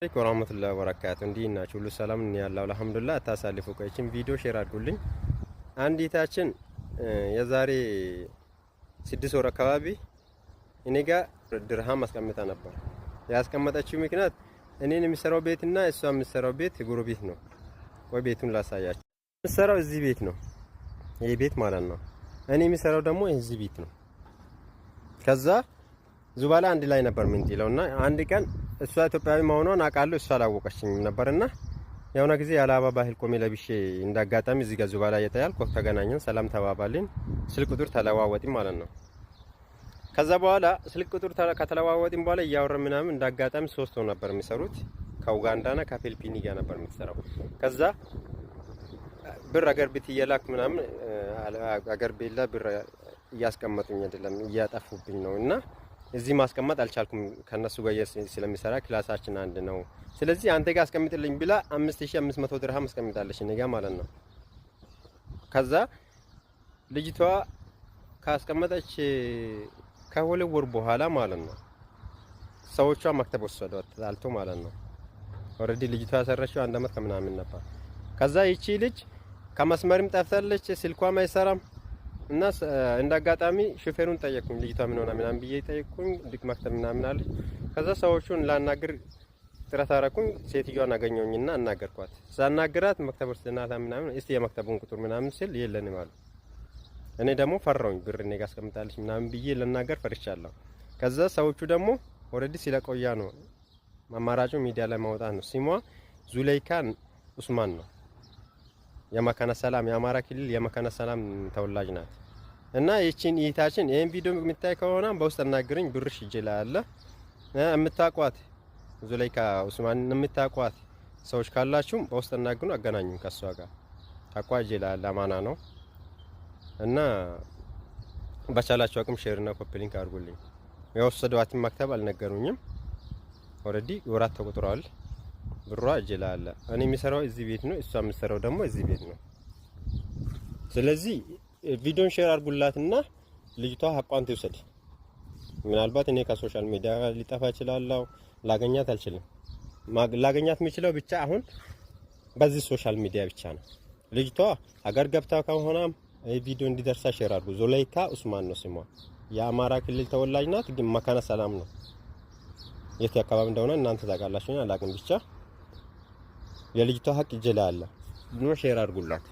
አለይኩም ወራህመቱላሂ ወበረካቱ እንዲህ ናችሁ? ሁሉ ሰላም ነው ያለው አልሐምዱሊላህ። አታሳልፉ። ቆይችን ቪዲዮ ሼር አድርጉልኝ። አንዲታችን የዛሬ ስድስት ወር አካባቢ እኔ ጋር ድርሃም አስቀምጣ ነበር። ያስቀመጠችው ምክንያት እኔን የሚሰራው ቤትና እሷ የሚሰራው ቤት ቤት ነው። ቆይ ቤቱን ላሳያችሁ። የሚሰራው እዚህ ቤት ነው፣ ይሄ ቤት ማለት ነው። እኔ የሚሰራው ደግሞ እዚህ ቤት ነው። ከዛ ዙባላ አንድ ላይ ነበር ምን ይለውና አንድ ቀን እሷ ኢትዮጵያዊ መሆኗን አውቃለሁ። እሷ አላወቀችኝም ነበርና የሆነ ጊዜ የአላባ ባህል ቆሜ ለብሼ እንዳጋጣሚ እዚህ ጋር ዙባ ላይ የተያልኩ ተገናኘን፣ ሰላም ተባባልን፣ ስልክ ቁጥር ተለዋወጥን ማለት ነው። ከዛ በኋላ ስልክ ቁጥር ከተለዋወጥን በኋላ እያወረ ምናምን እንዳጋጣሚ ሶስት ነው ነበር የሚሰሩት ከኡጋንዳና ከፊሊፒኒ ጋር ነበር የምትሰራው። ከዛ ብር አገር ቤት እየላክ ምናምን አገር ቤላ ብር እያስቀመጡኝ አይደለም እያጠፉብኝ ነው እና እዚህ ማስቀመጥ አልቻልኩም ከነሱ ጋር ስለሚሰራ ክላሳችን አንድ ነው። ስለዚህ አንተ ጋር አስቀምጥልኝ ብላ 5500 ድርሃም አስቀምጣለች እኔ ጋር ማለት ነው። ከዛ ልጅቷ ካስቀመጠች ከሁለት ወር በኋላ ማለት ነው ሰዎቿ መክተብ ወሰዷት ተጣልቶ ማለት ነው። ኦልሬዲ ልጅቷ ያሰረችው አንድ አመት ከምናምን ነበር። ከዛ ይቺ ልጅ ከመስመርም ጠፍታለች፣ ስልኳም አይሰራም። እና እንደ አጋጣሚ ሹፌሩን ጠየቅኩኝ። ልጅቷ ምን ሆና ምናምን ብዬ ጠየቅኩኝ። ድግ ማክተብ ምናምን አለች። ከዛ ሰዎቹን ላናግር ጥረት አረኩኝ። ሴትዮዋን አገኘውኝና አናገርኳት። ሳናግራት መክተብ ውስጥ ናታ ምናምን እስቲ የመክተቡን ቁጥር ምናምን ስል የለንም አሉ። እኔ ደግሞ ፈራውኝ። ብር እኔ ጋር አስቀምጣለች ምናምን ብዬ ልናገር ፈርቻለሁ። ከዛ ሰዎቹ ደግሞ ኦልሬዲ ሲለቆያ ነው አማራጩ ሚዲያ ላይ ማውጣት ነው። ሲሟ ዙሌይካ ኡስማን ነው። የመካነ ሰላም የአማራ ክልል የመካነ ሰላም ተወላጅ ናት እና ይቺን ይታችን ይህን ቪዲዮ የምታይ ከሆነ በውስጥ እናግርኝ ብርሽ ይችላል። የምታቋት ዙለይካ ኡስማን የምታቋት ሰዎች ካላችሁም በውስጥ እናግኑ፣ አገናኙም ከሷ ጋር ታቋ ይችላል። አማና ነው እና በቻላችሁ አቅም ሼርና ኮፒ ሊንክ አድርጉልኝ። የወሰዷትን መክተብ አልነገሩኝም። ኦልሬዲ ወራት ተቆጥረዋል። ብሯ እጅ እኔ የሚሰራው እዚህ ቤት ነው፣ እሷ የምትሰራው ደግሞ እዚህ ቤት ነው። ስለዚህ ቪዲዮን ሼር አድርጉላትና ልጅቷ ሀቋን ትውሰድ። ምናልባት እኔ ከሶሻል ሚዲያ ሊጠፋ እችላለሁ፣ ላገኛት አልችልም። ላገኛት የሚችለው ብቻ አሁን በዚህ ሶሻል ሚዲያ ብቻ ነው። ልጅቷ ሀገር ገብታ ከሆነ ቪዲዮ እንዲደርሳ ሼር አድርጉ። ዞለይካ ኡስማን ነው ስሟ። የአማራ ክልል ተወላጅ ናት፣ ግን መካነ ሰላም ነው። የት አካባቢ እንደሆነ እናንተ ታውቃላችሁ፣ አላውቅም ብቻ የልጅቷ ሀቅ እጄ ላይ አለ። ኑ ሼር አድርጉላት።